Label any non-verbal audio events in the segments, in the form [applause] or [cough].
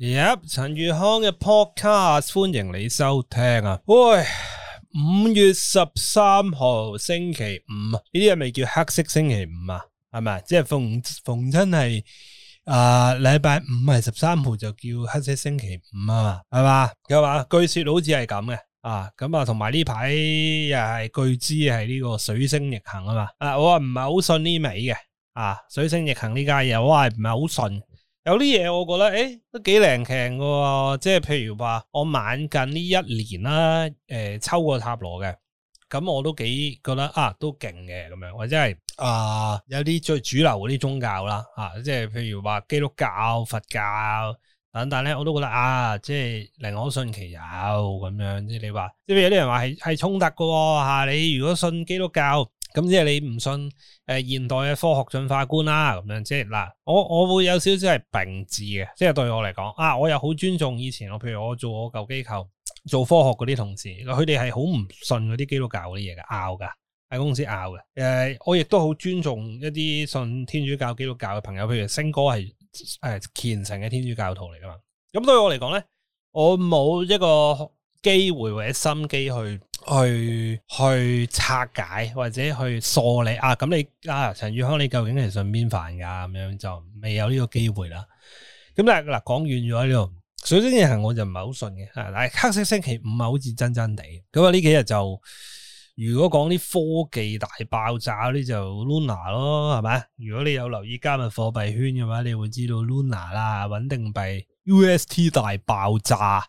Yep，陳宇康嘅 podcast，歡迎你收聽啊！喂，五月十三號星期五呢啲係咪叫黑色星期五啊？係咪？即係逢逢親係啊禮拜五係十三號就叫黑色星期五啊？係嘛？有話據說好似係咁嘅啊！咁、嗯、啊，同埋呢排又係據知係呢個水星逆行啊嘛！啊，我唔係好信呢味嘅啊，水星逆行呢家嘢，我係唔係好信。有啲嘢我覺得，誒都幾靈強㗎喎，即係譬如話，我晚近呢一年啦、呃，抽過塔羅嘅，咁我都幾覺得啊，都勁嘅咁樣，或者係啊有啲最主流嗰啲宗教啦，即係譬如話基督教、佛教等等咧，我都覺得啊，即係令我信其有咁樣。即係你話，即係有啲人話係係衝突㗎喎、啊、你如果信基督教。咁即係你唔信，誒現代嘅科學進化觀啦、啊，咁樣即係嗱，我我會有少少係併置嘅，即係對我嚟講啊，我又好尊重以前我，譬如我做我舊機構做科學嗰啲同事，佢哋係好唔信嗰啲基督教嗰啲嘢嘅，拗噶，喺公司拗嘅。誒、呃，我亦都好尊重一啲信天主教基督教嘅朋友，譬如星哥係誒虔誠嘅天主教徒嚟噶嘛。咁對我嚟講咧，我冇一個。機會或者心機去去去拆解或者去梳你啊，咁你啊陳宇康，你究竟係順邊犯噶？咁樣就未有呢個機會啦。咁但嗱，講遠咗喺呢度，水晶嘅行我就唔係好順嘅吓。但係黑色星期五啊，好似真真地。咁啊呢幾日就，如果講啲科技大爆炸嗰啲就 Luna 咯係咪？如果你有留意加密貨幣圈嘅話，你會知道 Luna 啦，穩定幣 UST 大爆炸。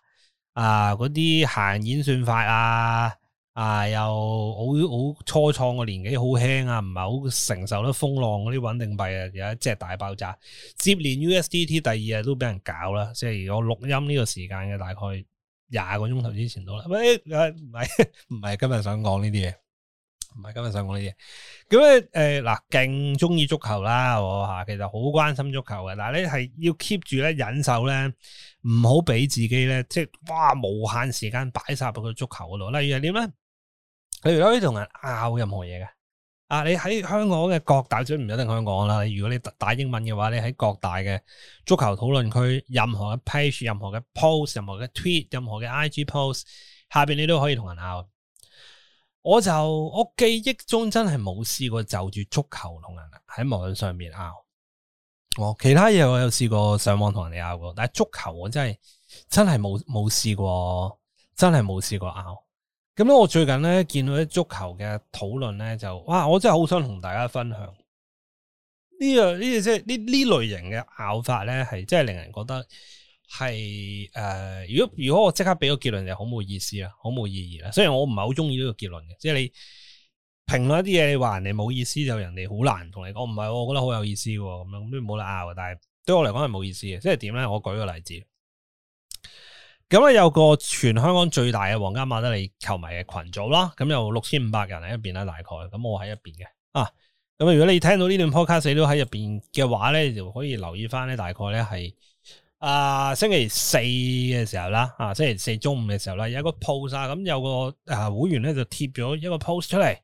啊！嗰啲行演算法啊，啊又好好初創嘅年紀，好輕啊，唔係好承受得風浪嗰啲穩定幣啊，有一隻大爆炸，接連 USDT 第二日都俾人搞啦，即係如果錄音呢個時間嘅大概廿個鐘頭之前到啦，誒唔係唔係今日想講呢啲嘢。唔係今日想講呢啲，咁咧誒嗱，勁中意足球啦，我吓其實好關心足球嘅。但係你係要 keep 住咧忍受咧，唔好俾自己咧即係哇無限時間擺晒落個足球嗰度。例如係點咧？例如可以同人拗任何嘢嘅，啊你喺香港嘅各大准唔一定香港啦。如果你打英文嘅話，你喺各大嘅足球討論區，任何嘅 page、任何嘅 post、任何嘅 tweet、任何嘅 IG post，下邊你都可以同人拗。我就我記憶中真係冇試過就住足球同人喺網上面拗，我、哦、其他嘢，我有試過上網同人哋拗過，但係足球我真係真係冇冇試過，真係冇試過拗。咁咧我最近咧見到啲足球嘅討論咧,就哇我真係好想同大家分享呢樣呢，即係呢呢類型嘅拗法咧，係真係令人覺得。係誒、呃，如果如果我即刻俾個結論就好冇意思啊，好冇意義啦。雖然我唔係好中意呢個結論嘅，即係你評論一啲嘢，你話人哋冇意思，就人哋好難同你講。唔係，我覺得好有意思喎，咁樣，都冇得拗。但係對我嚟講係冇意思嘅，即係點咧？我舉個例子。咁咧有個全香港最大嘅皇家馬德里球迷嘅群組啦，咁有六千五百人喺入邊啦，大概。咁我喺入邊嘅啊。咁啊，如果你聽到呢段 podcast 都喺入邊嘅話咧，就可以留意翻咧，大概咧係。啊，星期四嘅時候啦，啊，星期四中午嘅時候啦，有一個 post 咁有個啊會員咧就貼咗一個 post 出嚟，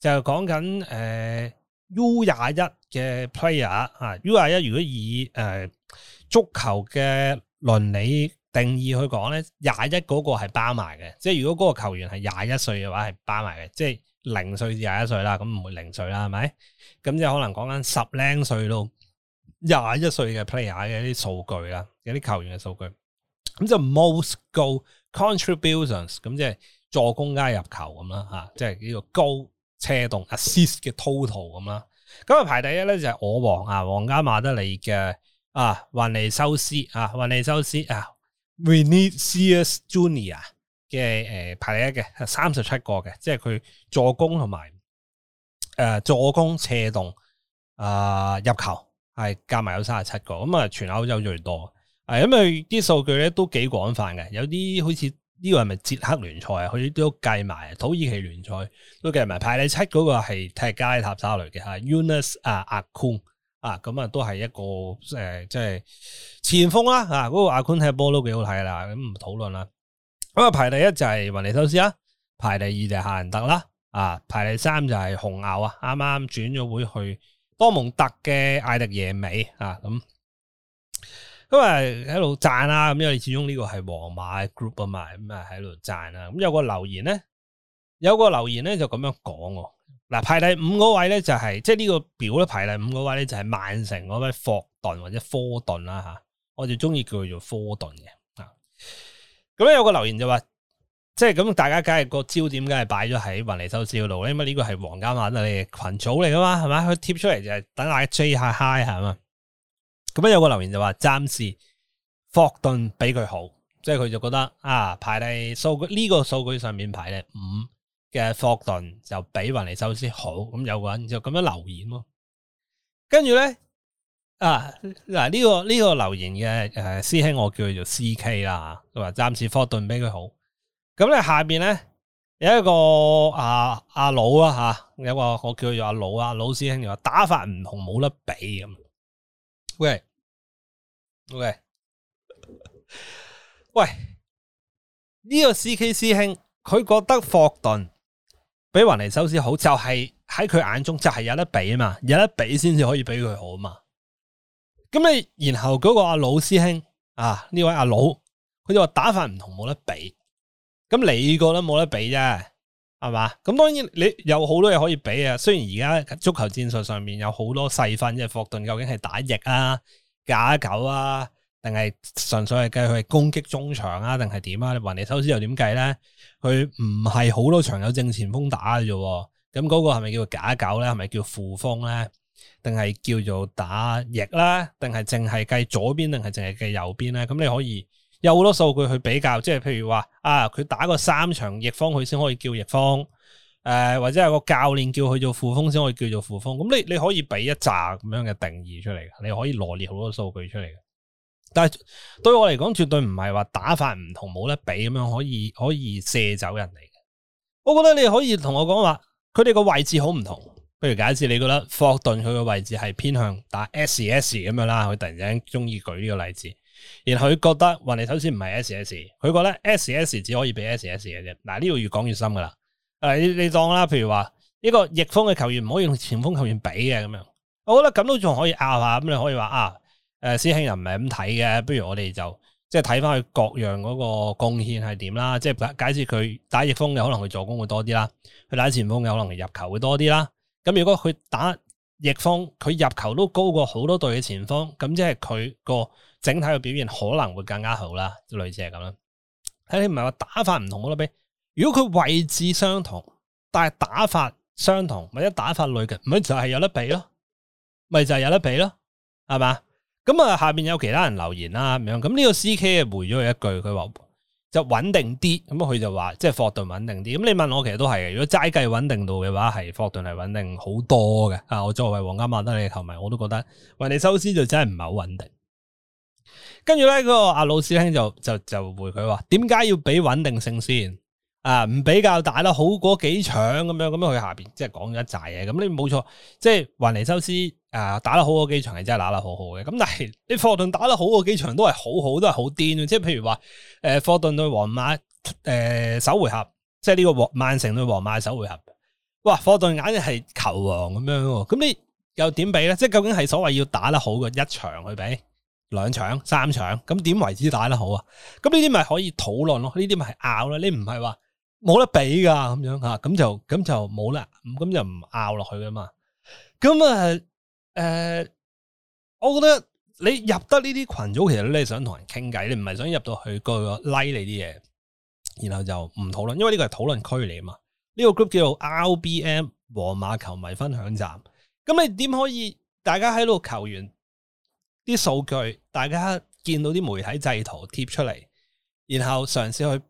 就講緊誒 U 廿一嘅 player 啊，U 廿一如果以誒、呃、足球嘅倫理定義去講咧，廿一嗰個係包埋嘅，即係如果嗰個球員係廿一歲嘅話係包埋嘅，即係零歲至廿一歲啦，咁唔會零歲啦，係咪？咁即係可能講緊十零歲都。廿一歲嘅 player 嘅一啲數據啦，有啲球員嘅數據，咁就 most goal contributions，咁即係助攻加入球咁啦吓，即係呢個 goal 車動 assist 嘅 total 咁啦。咁啊排第一咧就係、是、我王啊，皇家馬德里嘅啊，雲尼修斯啊，雲尼修斯啊 Vinicius Junior 嘅誒、呃、排第一嘅，三十七個嘅，即係佢助攻同埋誒助攻車動啊、呃、入球。係加埋有三十七個，咁啊全歐洲最多。啊，因為啲數據咧都幾廣泛嘅，有啲好似呢、這個係咪捷克聯賽啊？佢都計埋土耳其聯賽都計埋。排第七嗰個係踢加拉塔沙雷嘅，係 Yunus 啊阿坤啊，咁啊、啊、啊、啊都係一個誒即係前鋒啦、啊。嗰、啊、那個阿坤踢波都幾好睇啦、啊，咁唔討論啦。咁啊排第一就係雲尼修斯啦、啊，排第二就係夏蘭特啦、啊，啊排第三就係紅牛啊，啱啱轉咗會去。多蒙特嘅艾迪耶美啊咁，咁啊喺度讚啦，咁、啊、因為始終呢個係皇馬 group 啊嘛，咁啊喺度讚啦，咁有個留言咧，有個留言咧就咁樣講喎，嗱、啊、排第五嗰位咧就係、是、即係呢個表咧排第五嗰位咧就係曼城嗰位霍頓或者科頓啦吓，我哋中意叫佢做科頓嘅啊，咁、啊、咧、啊啊、有個留言就話。即係咁，大家梗係個焦點，梗係擺咗喺雲尼修斯嗰度。因為呢個係皇家馬德里嘅群組嚟噶嘛，係咪佢貼出嚟就係等大家追下 high 下啊！咁樣有個留言就話，暫時霍頓比佢好，即係佢就覺得啊，排第數據呢、這個數據上面排第五嘅霍頓就比雲尼修斯好。咁有個人就咁樣留言咯、啊。跟住咧啊嗱，呢、啊這個呢、這個留言嘅誒、啊、師兄，我叫佢做 C K 啦、啊，話暫時霍頓比佢好。咁咧下邊咧有一個阿阿、啊啊、老啊吓，有一個我叫佢阿老啊，老師兄就話打法唔同，冇得比咁。Okay. Okay. 喂，喂，喂，呢個 C.K. 師兄佢覺得霍頓比雲尼修斯好，就係喺佢眼中就係有得比嘛，有得比先至可以俾佢好嘛。咁你然後嗰個阿老師兄啊，呢位阿老，佢就話打法唔同，冇得比。咁你覺得冇得比啫，係嘛？咁當然你有好多嘢可以比啊。雖然而家足球戰術上面有好多細分，即係霍頓究竟係打翼啊、假九啊，定係純粹係計佢係攻擊中場啊，定係點啊？你雲尼修斯又點計咧？佢唔係好多場有正前鋒打嘅啫。咁嗰個係咪叫做假九咧？係咪叫副鋒咧？定係叫做打翼咧？定係淨係計左邊，定係淨係計右邊咧？咁你可以。有好多數據去比較，即係譬如話啊，佢打過三場翼鋒，佢先可以叫翼鋒，誒、呃，或者係個教練叫佢做副鋒，先可以叫做副鋒。咁你你可以俾一紮咁樣嘅定義出嚟，你可以羅列好多數據出嚟。但係對我嚟講，絕對唔係話打法唔同，冇得比咁樣可以可以射走人嚟。我覺得你可以同我講話，佢哋個位置好唔同。譬如假設你覺得霍頓佢個位置係偏向打 SS 咁樣啦，佢突然間中意舉呢個例子。然後佢覺得，話你首先唔係 S S，佢覺得 S S 只可以比 S S 嘅啫。嗱，呢個越講越深噶啦、呃，你你當啦，譬如話呢、這個翼鋒嘅球員唔可以同前鋒球員比嘅咁樣。我覺得咁都仲可以拗下，咁你可以話啊，誒、呃，師兄又唔係咁睇嘅，不如我哋就即係睇翻佢各樣嗰個貢獻係點啦。即係假設佢打翼鋒嘅可能佢助攻會多啲啦，佢打前鋒嘅可能佢入球會多啲啦。如果佢打翼鋒，佢入球都高過好多隊嘅前鋒，咁即係佢個。整體嘅表現可能會更加好啦，類似係咁啦。睇你唔係話打法唔同冇得比，如果佢位置相同，但係打法相同，或者打法類嘅，咪就係有得比咯，咪就係有得比咯，係嘛？咁啊，下邊有其他人留言啦，咁樣咁呢個 C K 啊回咗佢一句，佢話就穩定啲，咁佢就話即係霍頓穩定啲，咁你問我其實都係嘅，如果齋計穩定度嘅話，係霍頓係穩定好多嘅。啊，我作為皇家馬德里嘅球迷，我都覺得維尼修斯就真係唔係好穩定。跟住咧，嗰個阿老師兄就就就回佢話：點解要俾穩定性先？啊，唔比較打得好嗰幾場咁樣，咁樣去下邊，即係講咗一寨嘢。咁你冇錯，即係雲尼修斯啊，打得好嗰幾場係真係打,打得好好嘅。咁但係你霍頓打得好嗰幾場都係好好，都係好癲。即係譬如話，誒、呃，霍頓對皇馬誒、呃、首回合，即係呢個曼城對皇馬首回合，哇，霍頓硬係球王咁樣。咁你又點比咧？即係究竟係所謂要打得好嘅一場去比？兩場、三場，咁點為之大得好啊，咁呢啲咪可以討論咯。呢啲咪拗啦，你唔係話冇得比噶咁樣吓，咁就咁就冇啦，咁就唔拗落去噶嘛。咁啊，誒、呃，我覺得你入得呢啲群組，其實你想同人傾偈，你唔係想入到去個拉 i 你啲嘢，然後就唔討論，因為呢個係討論區嚟啊嘛。呢、這個 group 叫做 RBM 皇馬球迷分享站，咁你點可以大家喺度球員？啲數據，大家見到啲媒體製圖貼出嚟，然後嘗試去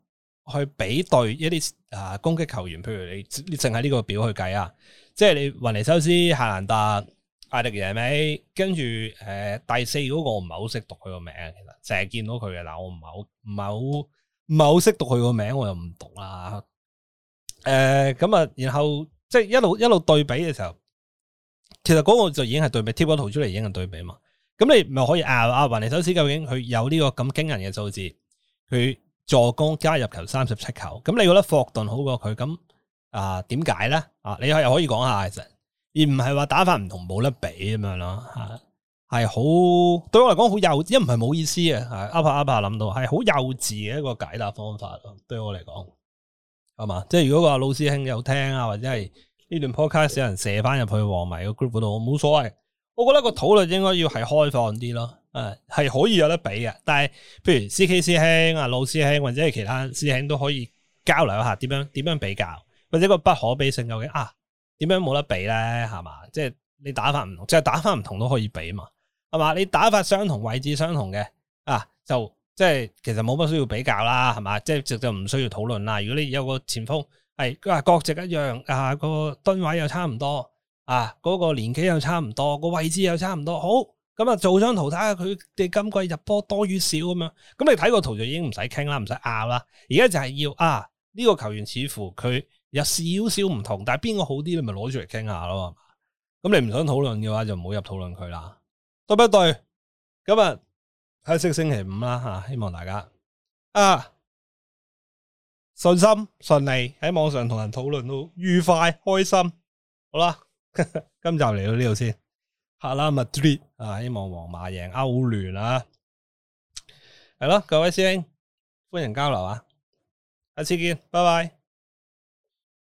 去比對一啲啊攻擊球員，譬如你淨係呢個表去計啊，即係你雲尼修斯、夏蘭達、艾迪傑，係咪？跟住誒第四嗰個我唔係好識讀佢個名，其實成日見到佢嘅，嗱我唔係好唔係好唔係好識讀佢個名，我又唔讀啦。誒咁啊，然後即係一路一路對比嘅時候，其實嗰個就已經係對比貼咗圖出嚟已經係對比嘛。咁你咪可以啊阿雲尼首次究竟佢有呢個咁驚人嘅數字？佢助攻加入球三十七球。咁你覺得霍頓好過佢咁啊？點解咧啊？你係又可以講下其實，而唔係話打法唔同冇得比咁樣咯吓？係好對我嚟講好幼，因唔係冇意思嘅。阿伯阿伯諗到係好幼稚嘅一個解答方法咯。對我嚟講係嘛？即係如果個老師兄有聽啊，或者係呢段 podcast 有人射翻入去黃迷個 group 嗰度，我冇所謂。我覺得個討論應該要係開放啲咯，誒，係可以有得比嘅。但係，譬如 CK 師兄啊、老師兄或者係其他師兄都可以交流一下點樣點樣比較，或者個不可比性究竟啊點樣冇得比咧，係嘛？即係你打法唔同，即係打法唔同都可以比嘛，係嘛？你打法相同，位置相同嘅啊，就即係其實冇乜需要比較啦，係嘛？即係就就唔需要討論啦。如果你有個前鋒係佢話國籍一樣啊，個噸位又差唔多。啊，嗰、嗰個年紀又差唔多，個位置又差唔多，好咁啊，就做張圖睇下佢哋今季入波多與少咁樣，咁你睇個圖就已經唔使傾啦，唔使拗啦。而家就係要啊，呢、呢個球員似乎佢有少少唔同，但係邊個好啲，你咪攞出嚟傾下咯。咁你唔想討論嘅話，就唔好入討論區啦，對不對？今日，黑色星期五啦吓、啊，希望大家啊，信心順利喺網上同人討論到愉快開心，好啦。 [laughs] 今集嚟到呢度先，Hala Madrid 啊，希望皇馬贏歐聯啊，係咯，各位師兄，歡迎交流啊，下次見，拜拜。